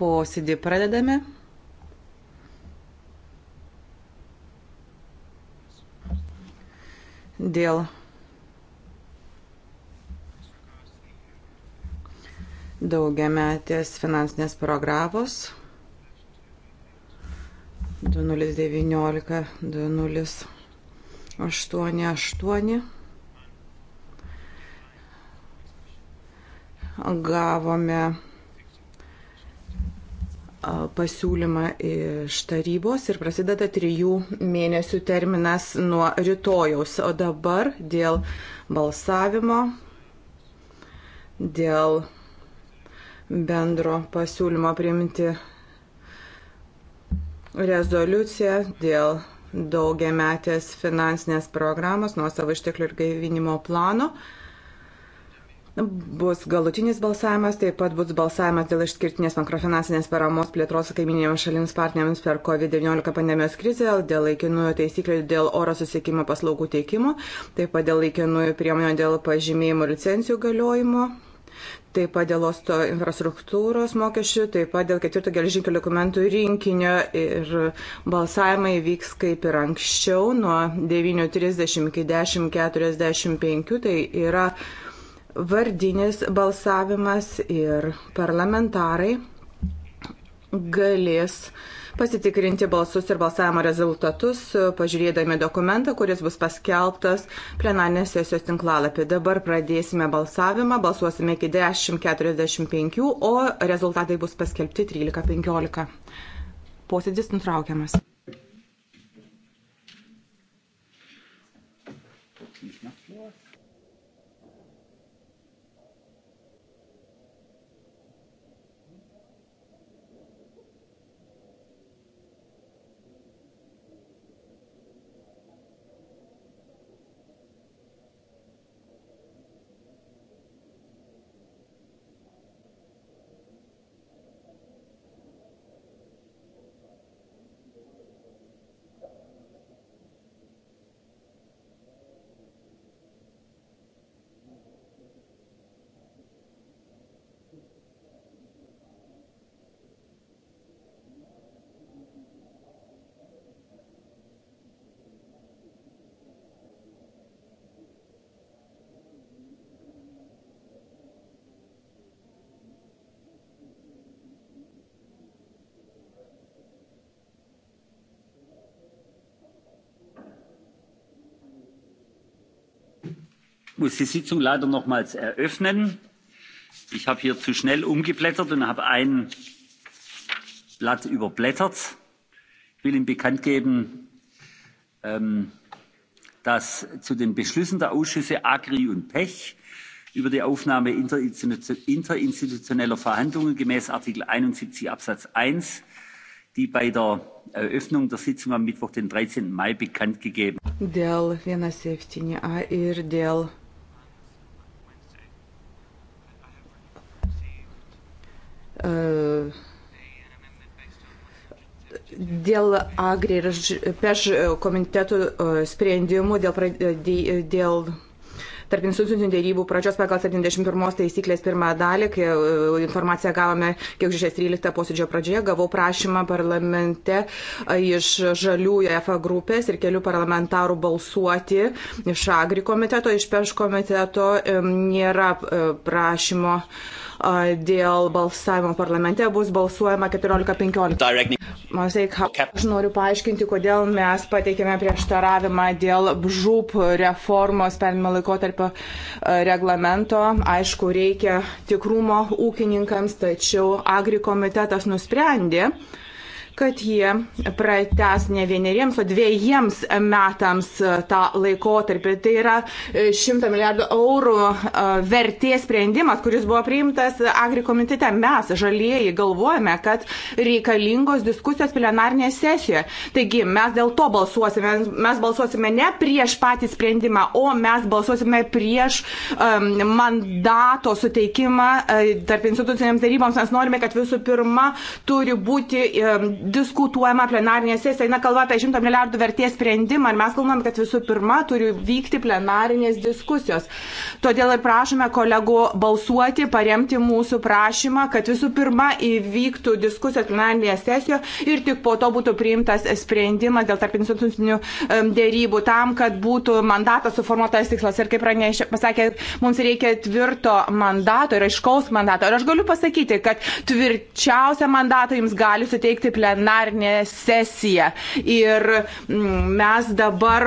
Posėdį pradedame. Dėl daugiametės finansinės programos 2019-2088 gavome pasiūlymą iš tarybos ir prasideda trijų mėnesių terminas nuo rytojaus. O dabar dėl balsavimo, dėl bendro pasiūlymo priimti rezoliuciją, dėl daugiametės finansinės programos, nuo savo išteklių ir gaivinimo plano. Uh, Bus galutinis balsavimas, taip pat bus balsavimas dėl išskirtinės makrofinansinės paramos plėtros kaiminėms šalims partneriams per COVID-19 pandemijos krizę, dėl laikinųjų taisyklių dėl oro susiekimo paslaugų teikimo, taip pat dėl laikinųjų priemonių dėl pažymėjimų licencijų galiojimo. Taip pat dėl osto infrastruktūros mokesčių, taip pat dėl ketvirto geležinkelio dokumentų rinkinio ir balsavimai vyks kaip ir anksčiau nuo 9.30 iki 10.45. Tai yra vardinis balsavimas ir parlamentarai galės pasitikrinti balsus ir balsavimo rezultatus, pažiūrėdami dokumentą, kuris bus paskelbtas plenarinės sesijos tinklalapį. Dabar pradėsime balsavimą, balsuosime iki 10.45, o rezultatai bus paskelbti 13.15. Posėdis nutraukiamas. muss die sitzung leider nochmals eröffnen. ich habe hier zu schnell umgeblättert und habe ein blatt überblättert. ich will ihnen bekannt geben ähm, dass zu den beschlüssen der ausschüsse agri und pech über die aufnahme interinstitutioneller verhandlungen gemäß artikel einundsiebzig absatz eins die bei der Eröffnung der Sitzung am Mittwoch, den 13. Mai, bekannt gegeben. Dėl 1.7a ir dėl Dėl Agri ir Peš komitetų e, sprendimų, dėl, e, e, dėl tarp institucinių dėrybų pradžios pagal 71 taisyklės pirmą dalį, kai informaciją gavome kiekžės 13 posėdžio pradžioje, gavau prašymą parlamente iš žaliųjų EFA grupės ir kelių parlamentarų balsuoti iš Agri komiteto, iš Peš komiteto nėra prašymo dėl balsavimo parlamente bus balsuojama 14.15. Maždaug aš noriu paaiškinti, kodėl mes pateikėme prieštaravimą dėl žūp reformos permimo laikotarpio e, reglamento. Aišku, reikia tikrumo ūkininkams, tačiau agri komitetas nusprendė, kad jie prates ne vieneriems, o dviejiems metams e, tą laikotarpį. Tai yra 100 e, milijardų eurų e, vertės sprendimas, kuris buvo priimtas Agri komitete. Mes, žalieji, galvojame, kad reikalingos diskusijos plenarnėje sesijoje. Taigi mes dėl to balsuosime. Mes balsuosime ne prieš patį sprendimą, o mes balsuosime prieš um, mandato suteikimą uh, tarp instituciniams taryboms. Mes norime, kad visų pirma turi būti um, diskutuojama plenarinė sesija, eina kalba apie 100 milijardų vertės sprendimą ir mes kalbam, kad visų pirma turi vykti plenarinės diskusijos. Todėl ir prašome kolegų balsuoti, paremti mūsų prašymą, kad visų pirma įvyktų diskusijos plenarinėje sesijoje ir tik po to būtų priimtas sprendimas dėl tarp institucinių dėrybų tam, kad būtų mandatas suformuotas tikslas. Ir kaip pranešė, pasakė, mums reikia tvirto mandato ir aiškaus mandato. Ir aš galiu pasakyti, kad tvirčiausią mandatą jums gali suteikti plenarinė plenarinė sesija. Ir mm, mes dabar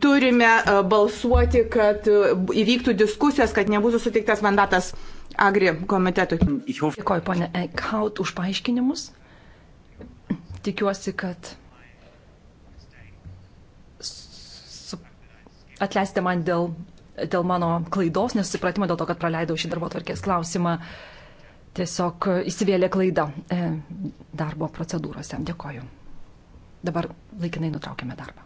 turime e, balsuoti, kad e, įvyktų diskusijos, kad nebūtų suteiktas mandatas Agri komitetui. Dėkoju, ponė Ekaut, už paaiškinimus. Tikiuosi, kad atleisti man dėl, dėl mano klaidos, nesupratimo dėl to, kad praleidau šį darbo tvarkės klausimą. Uh, tiesiog įsivėlė klaida e, darbo procedūrose. Dėkoju. Dabar laikinai nutraukėme darbą.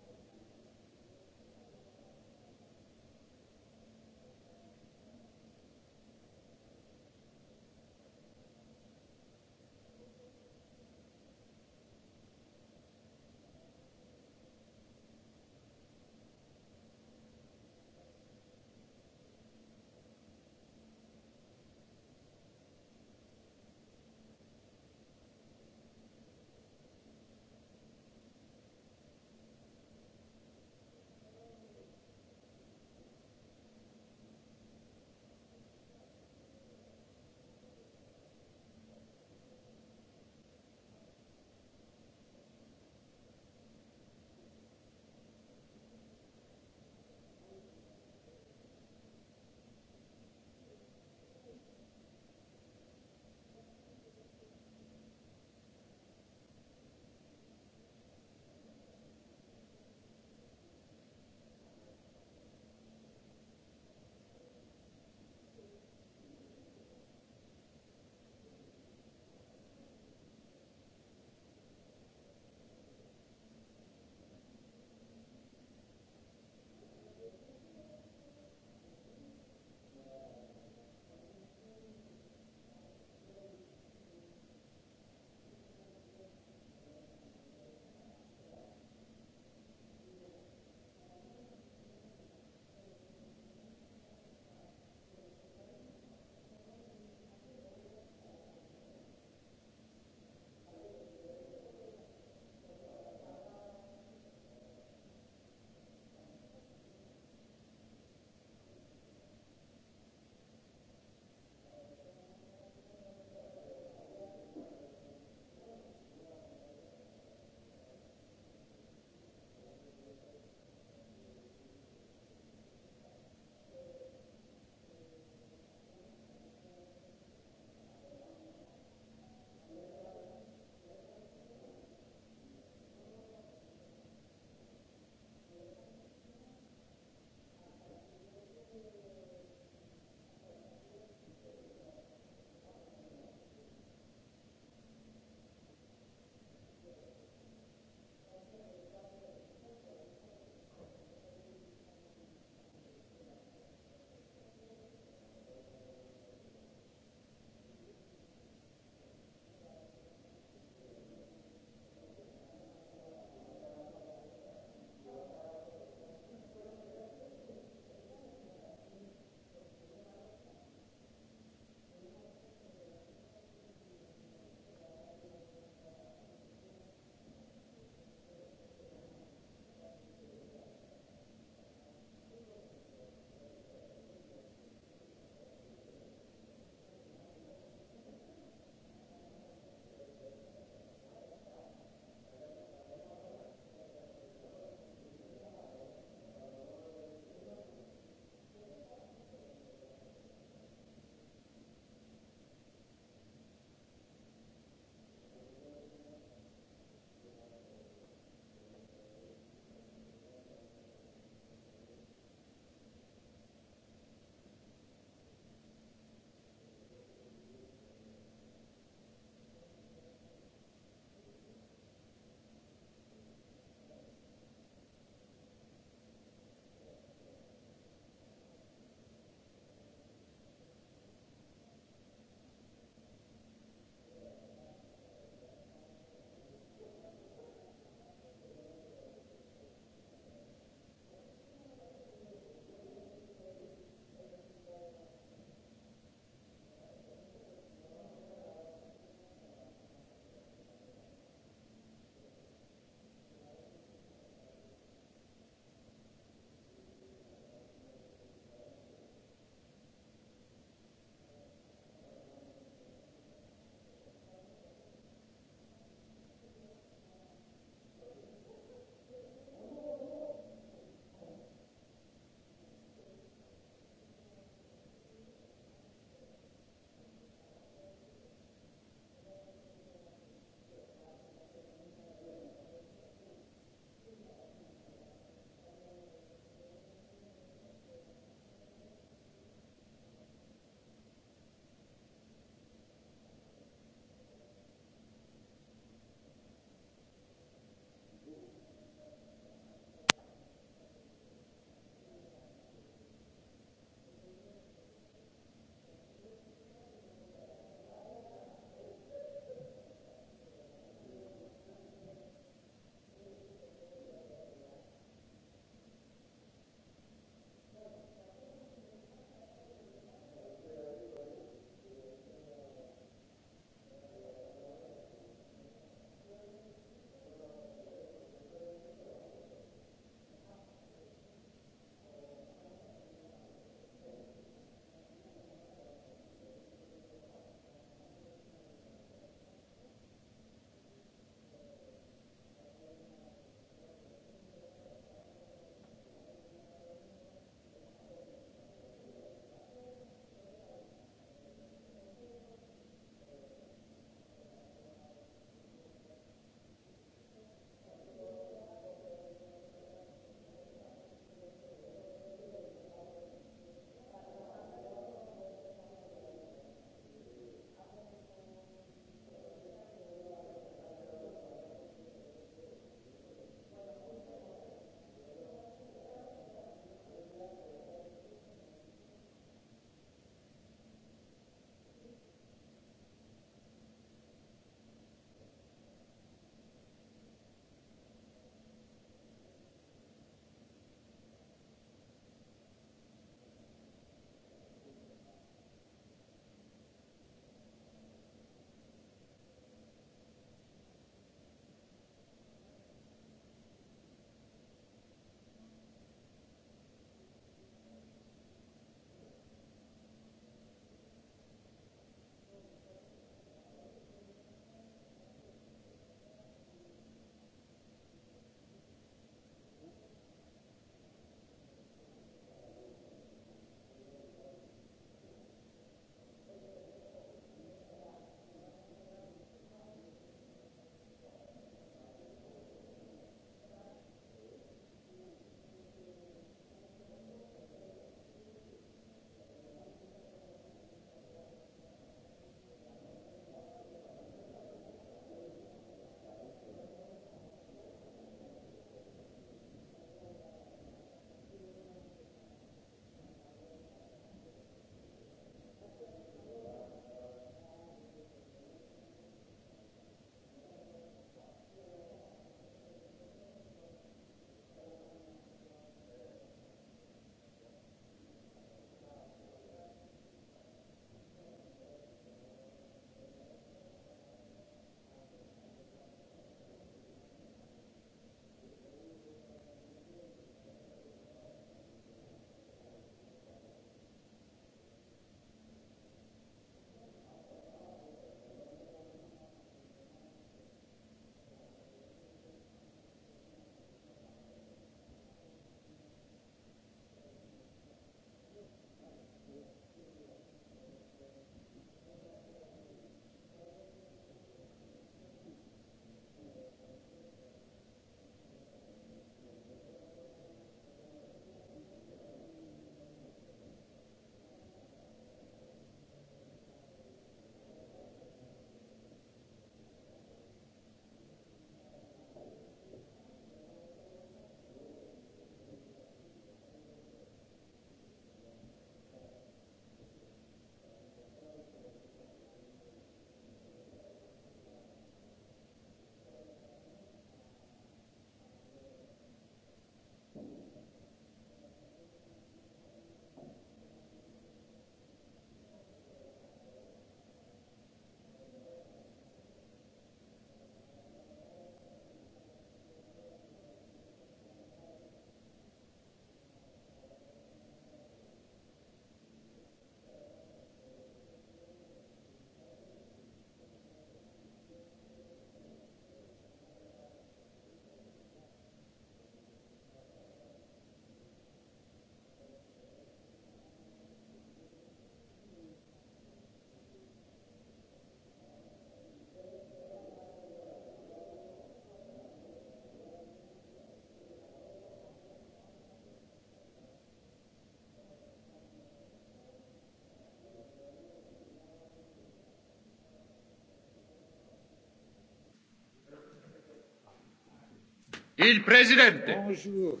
Il Presidente. Bonjour.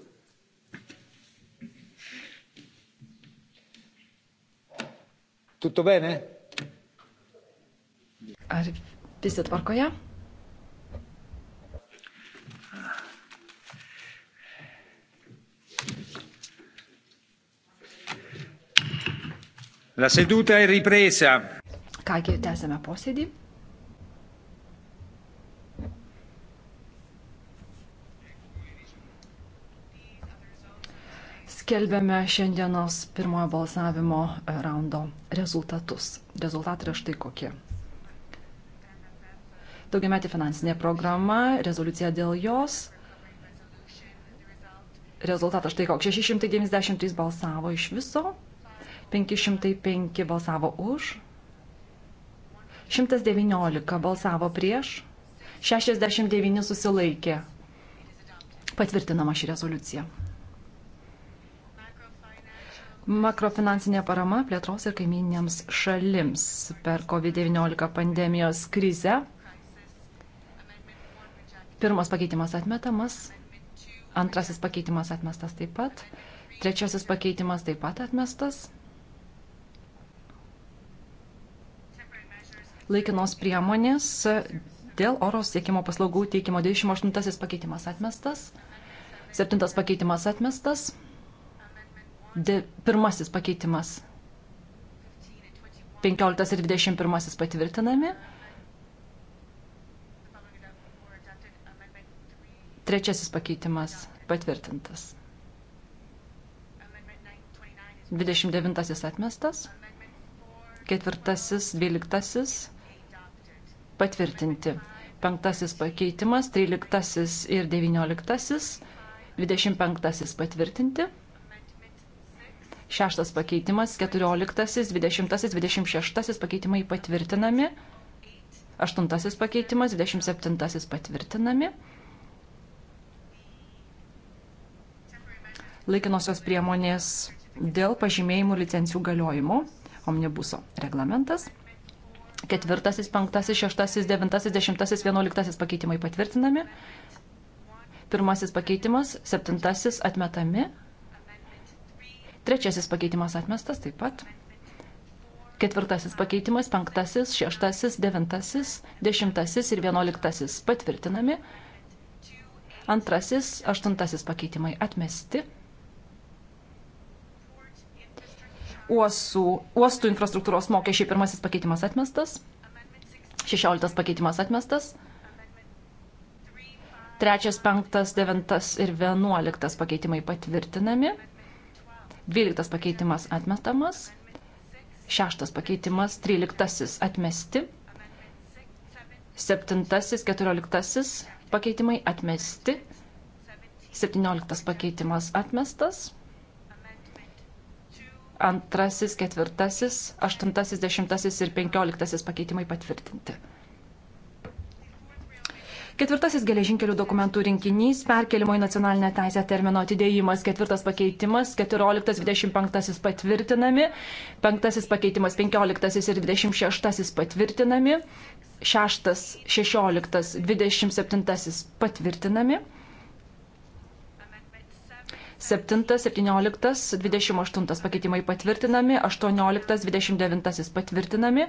Tutto bene? Ar visi tvarkoje? La seduta è ripresa. Kągi, tęsėme posėdį. skelbėme šiandienos pirmojo balsavimo e, raundo rezultatus. Rezultatai yra štai kokie. Daugiametė finansinė programa, rezoliucija dėl jos. Rezultatas štai koks. 693 balsavo iš viso, 505 balsavo už, 119 balsavo prieš, 69 susilaikė. Patvirtinama ši rezoliucija. Makrofinansinė parama plėtros ir kaiminėms šalims per COVID-19 pandemijos krizę. Pirmas pakeitimas atmetamas, antrasis pakeitimas atmestas taip pat, trečiasis pakeitimas taip pat atmestas. Laikinos priemonės dėl oro siekimo paslaugų teikimo 28 pakeitimas atmestas, 7 pakeitimas atmestas. De, pirmasis pakeitimas. 15 ir 21 patvirtinami. Trečiasis pakeitimas patvirtintas. 29 atmestas. Ketvirtasis, dvyliktasis patvirtinti. Penktasis pakeitimas, tryliktasis ir devynioliktasis. 25 patvirtinti. Šeštas pakeitimas, keturioliktasis, dvidešimtasis, dvidešimt šeštasis pakeitimai patvirtinami. Aštuntasis pakeitimas, dvidešimt septintasis patvirtinami. Laikinosios priemonės dėl pažymėjimų licencijų galiojimo omnibuso reglamentas. Ketvirtasis, penktasis, šeštasis, devintasis, dešimtasis, vienuoliktasis pakeitimai patvirtinami. Pirmasis pakeitimas, septintasis atmetami, Trečiasis pakeitimas atmestas taip pat. Ketvirtasis pakeitimas, penktasis, šeštasis, devintasis, dešimtasis ir vienuoliktasis patvirtinami. Antrasis, aštuntasis pakeitimai atmesti. Uosų, uostų infrastruktūros mokesčiai pirmasis pakeitimas atmestas. Šešioliktas pakeitimas atmestas. Trečias, penktas, devintas ir vienuoliktas pakeitimai patvirtinami. 12 pakeitimas atmetamas, 6 pakeitimas, 13 atmesti, 7, 14 pakeitimai atmesti, 17 pakeitimas atmestas, 2, 4, 8, 10 ir 15 pakeitimai patvirtinti. Ketvirtasis geležinkelių dokumentų rinkinys - perkelimo į nacionalinę teisę termino atidėjimas. Ketvirtas pakeitimas - 14-25 patvirtinami. Penktasis pakeitimas - 15 ir 26 patvirtinami. Šeštas, 16, 27 patvirtinami. 7, 17, 28 pakeitimai patvirtinami, 18, 29 patvirtinami,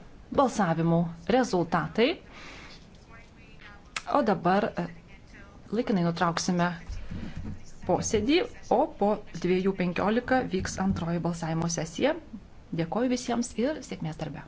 balsavimų rezultatai. O dabar e, laikinai nutrauksime posėdį, o po 2.15 vyks antroji balsavimo sesija. Dėkoju visiems ir sėkmės darbe.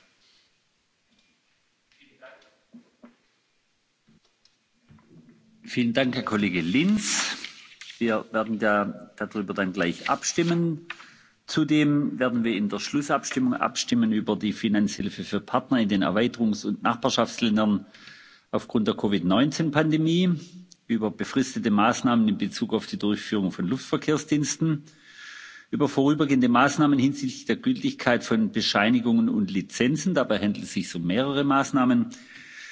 Vielen Dank, Herr Kollege Linz. Wir werden da, darüber dann gleich abstimmen. Zudem werden wir in der Schlussabstimmung abstimmen über die Finanzhilfe für Partner in den Erweiterungs- und Nachbarschaftsländern aufgrund der Covid-19-Pandemie, über befristete Maßnahmen in Bezug auf die Durchführung von Luftverkehrsdiensten, über vorübergehende Maßnahmen hinsichtlich der Gültigkeit von Bescheinigungen und Lizenzen. Dabei handelt es sich um mehrere Maßnahmen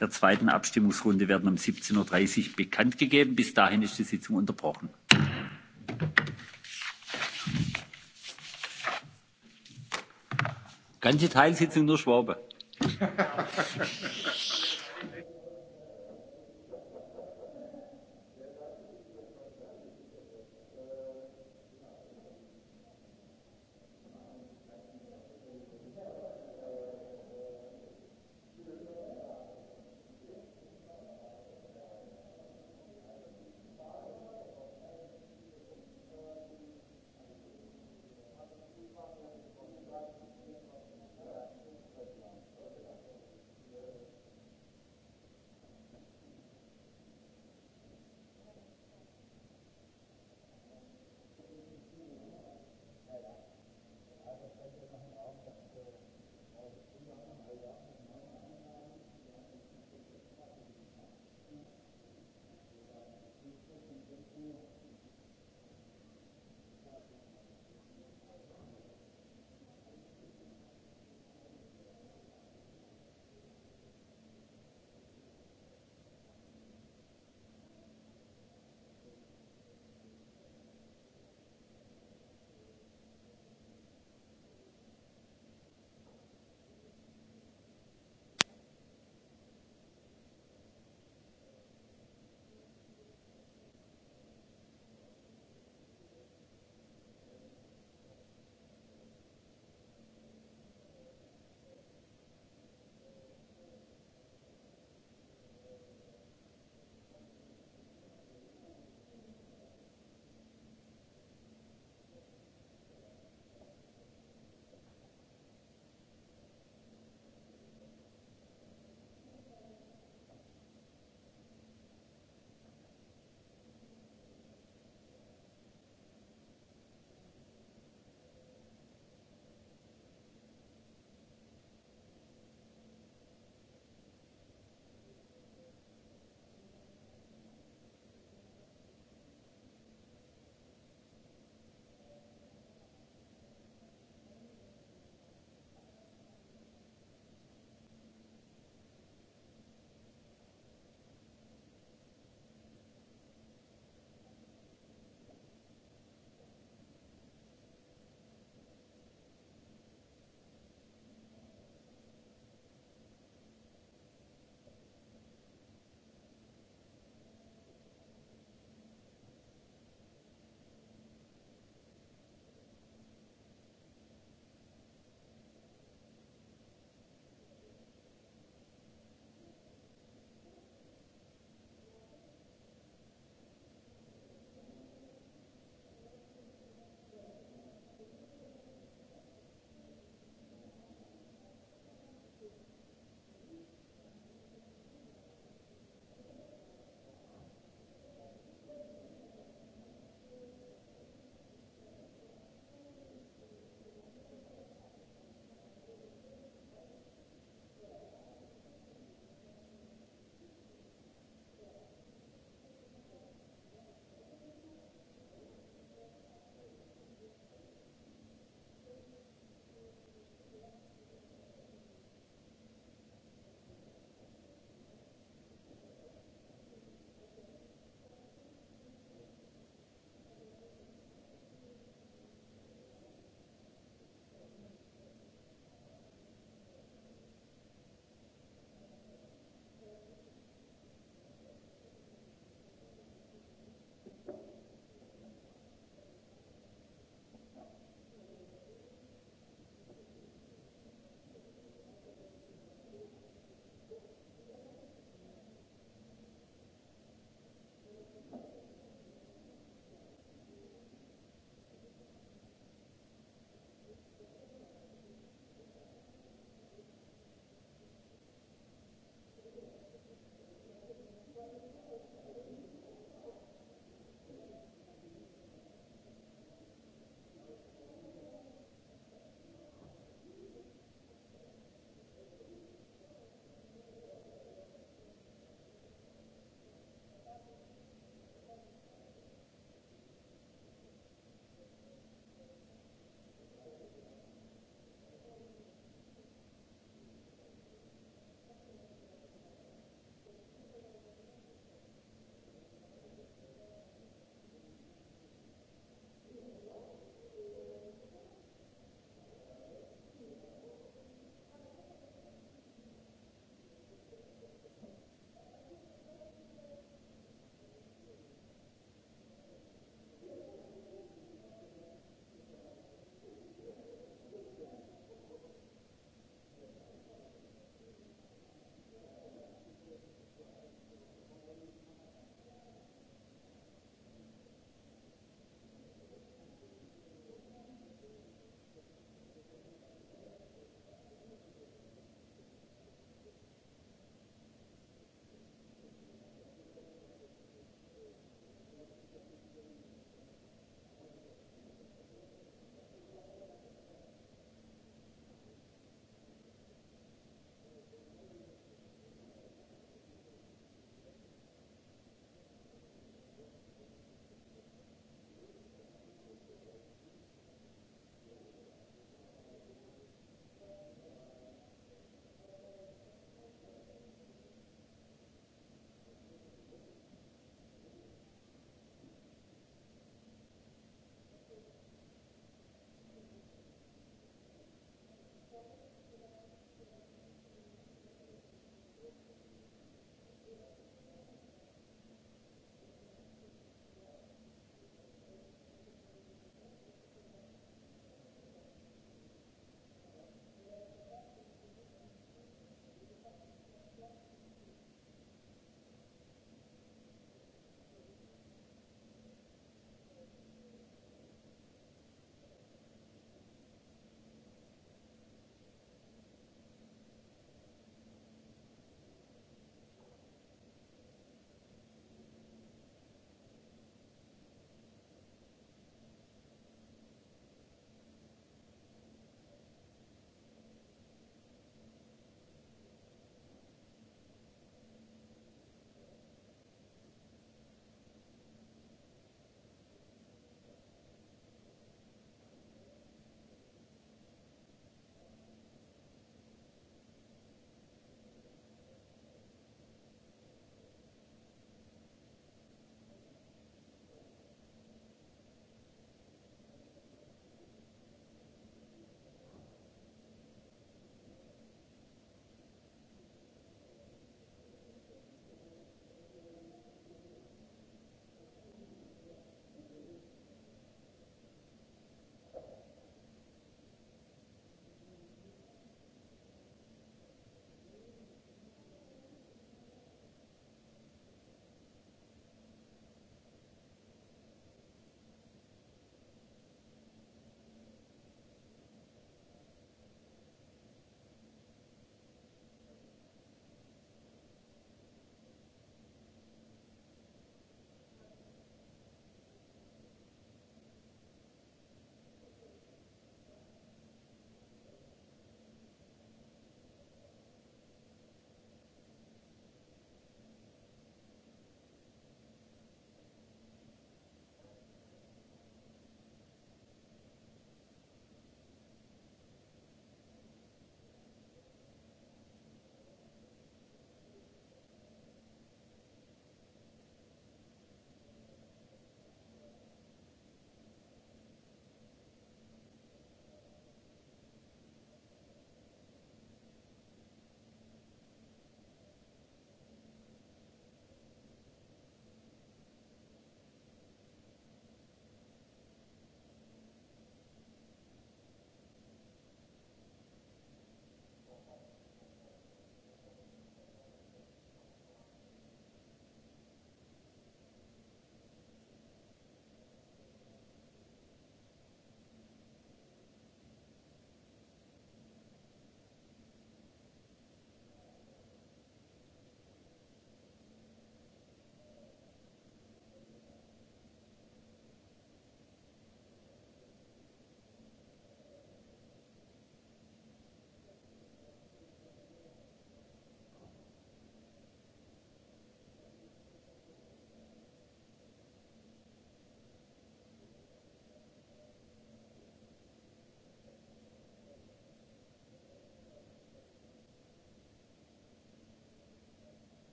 der zweiten abstimmungsrunde werden um. siebzehn dreißig uhr bekanntgegeben. bis dahin ist die sitzung unterbrochen. ganze teilsitzung nur schwabe.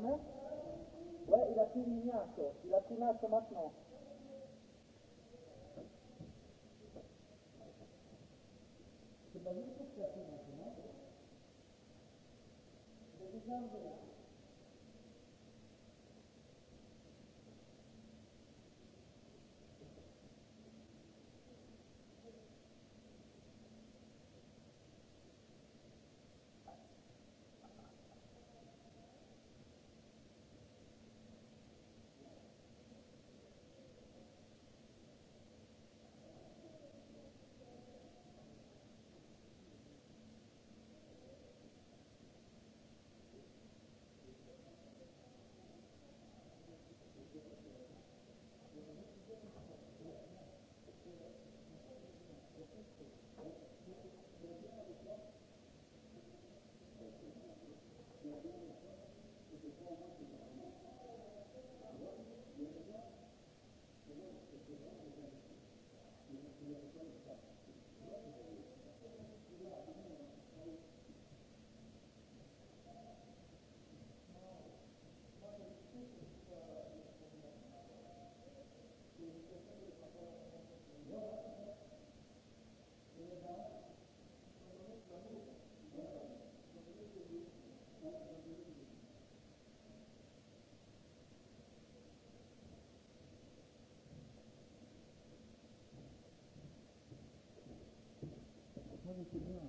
Amen Ouais, il a plus de lumière, Il a plus là que maintenant. C'est pas lui qui maintenant. C'est bizarre de là. mokinių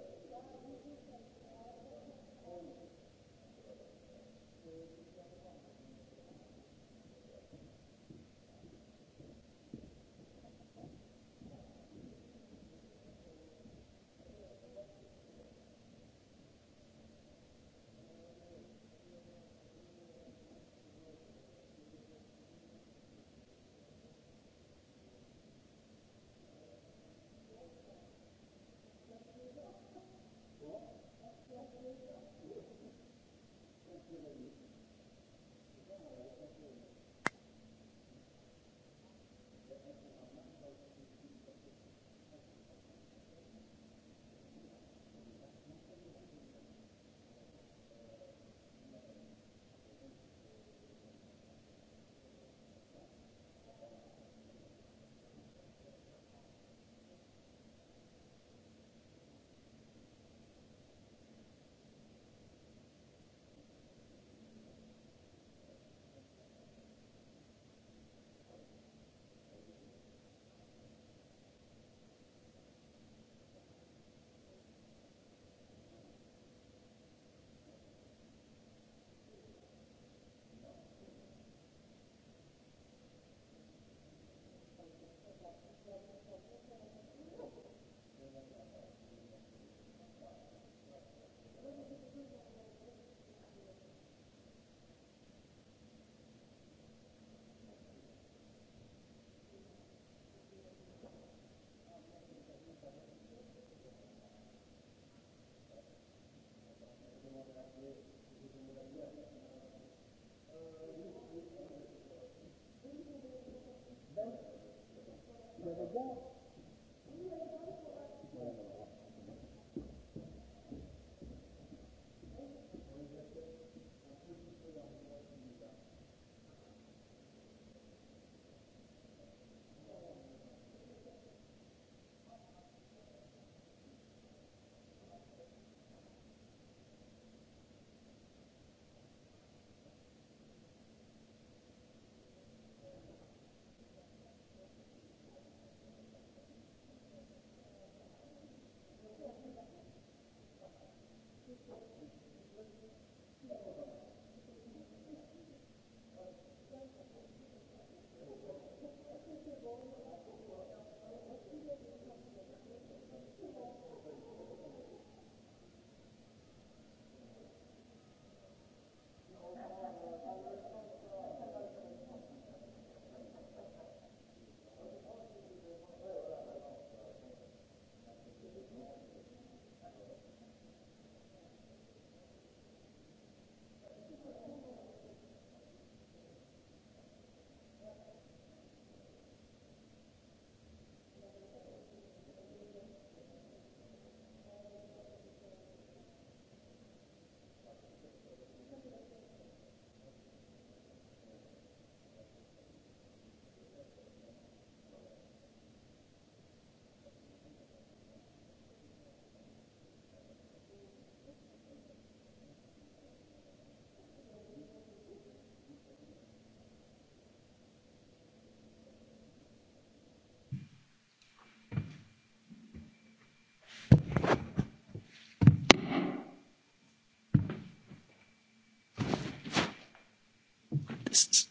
exists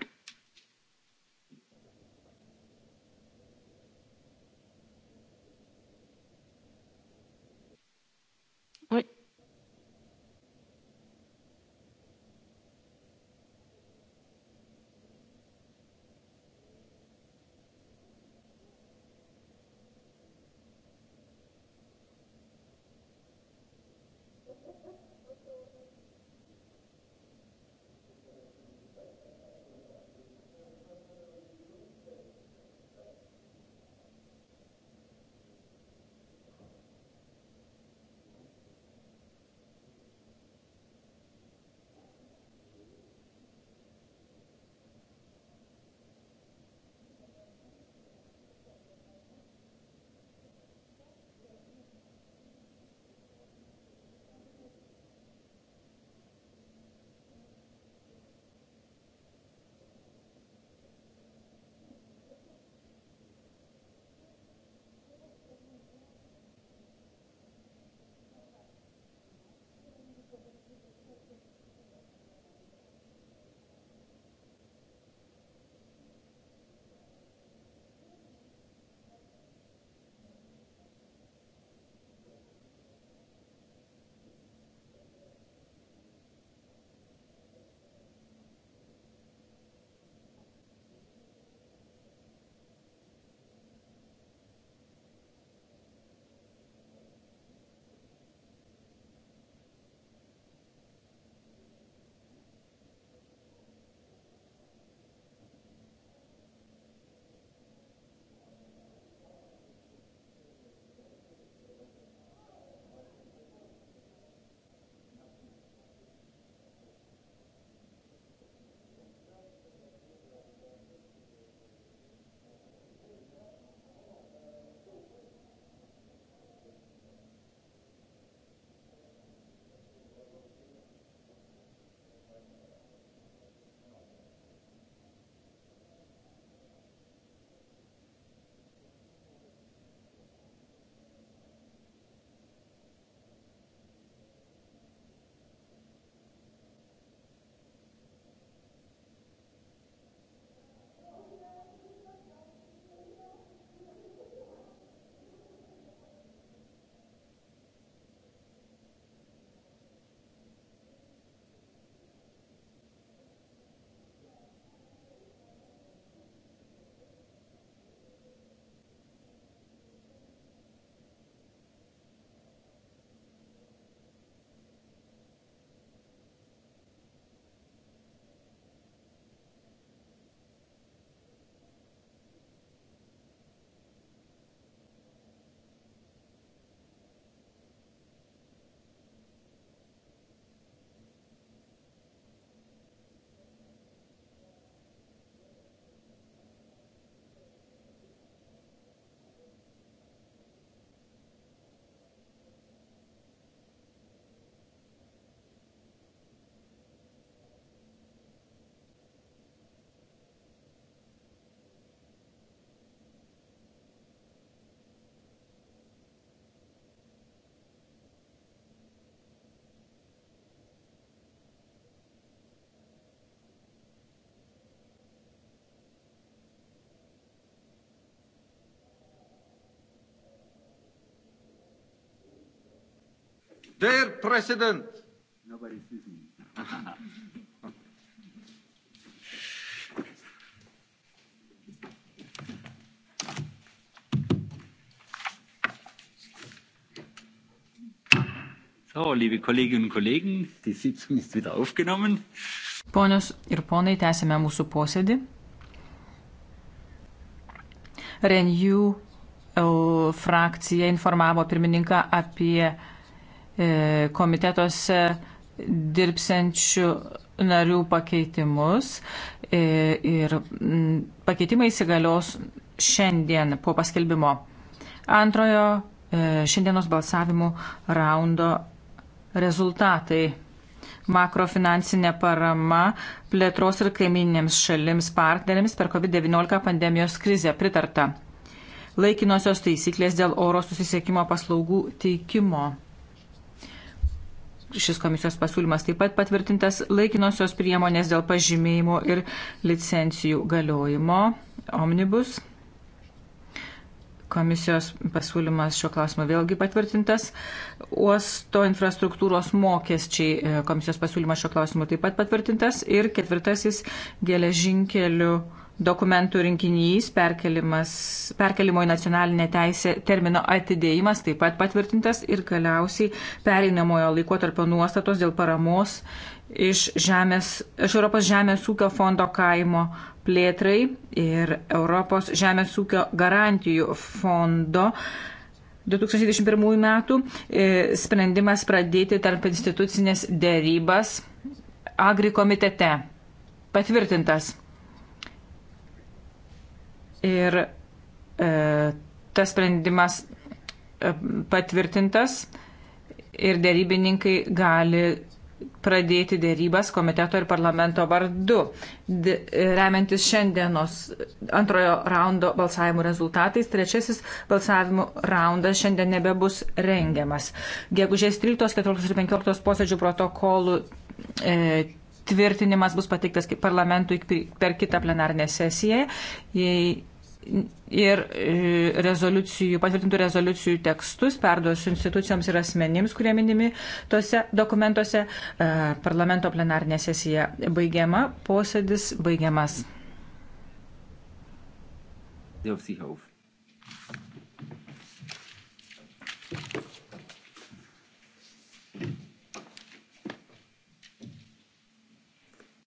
Dear President. Nobody sees me. So, liebe Kolleginnen und Kollegen, die Sitzung ist wieder aufgenommen. Ponios ir ponai, tęsime mūsų posėdį. Renew frakcija informavo pirmininką apie E, komitetuose dirbsiančių narių pakeitimus e, ir pakeitimai įsigalios šiandien po paskelbimo antrojo e, šiandienos balsavimų raundo rezultatai. Makrofinansinė parama plėtros ir kaiminėms šalims partneriams per COVID-19 pandemijos krizę pritarta. Laikinosios taisyklės dėl oro susisiekimo paslaugų teikimo šis komisijos pasiūlymas taip pat patvirtintas laikinosios priemonės dėl pažymėjimo ir licencijų galiojimo omnibus. Komisijos pasiūlymas šio klausimo vėlgi patvirtintas. Uosto infrastruktūros mokesčiai e, komisijos pasiūlymas šio klausimu taip pat patvirtintas. Ir ketvirtasis geležinkelių Dokumentų rinkinys perkelimo į nacionalinę teisę termino atidėjimas taip pat patvirtintas ir galiausiai pereinamojo laikotarpio nuostatos dėl paramos iš, žemės, iš Europos žemės ūkio fondo kaimo plėtrai ir Europos žemės ūkio garantijų fondo 2021 metų e, sprendimas pradėti tarp institucinės dėrybas Agri komitete. Patvirtintas. Ir e, tas sprendimas e, patvirtintas ir dėrybininkai gali pradėti dėrybas komiteto ir parlamento vardu. De, e, remiantis šiandienos antrojo raundo balsavimų rezultatais, trečiasis balsavimų raundas šiandien nebebus rengiamas. Gegužės 13, 14 ir 15 posėdžių protokolų e, tvirtinimas bus pateiktas parlamentui per kitą plenarinę sesiją. Jei ir e, rezoliucijų, patvirtintų rezoliucijų tekstus perduosiu institucijoms ir asmenims, kurie minimi tose dokumentuose. E, parlamento plenarinė sesija baigiama, posėdis baigiamas. Auf Sie auf.